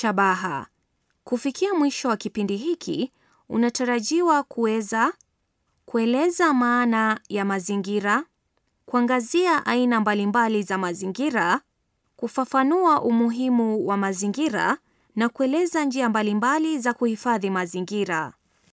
Shabaha: kufikia mwisho wa kipindi hiki, unatarajiwa kuweza kueleza maana ya mazingira, kuangazia aina mbalimbali za mazingira, kufafanua umuhimu wa mazingira na kueleza njia mbalimbali za kuhifadhi mazingira.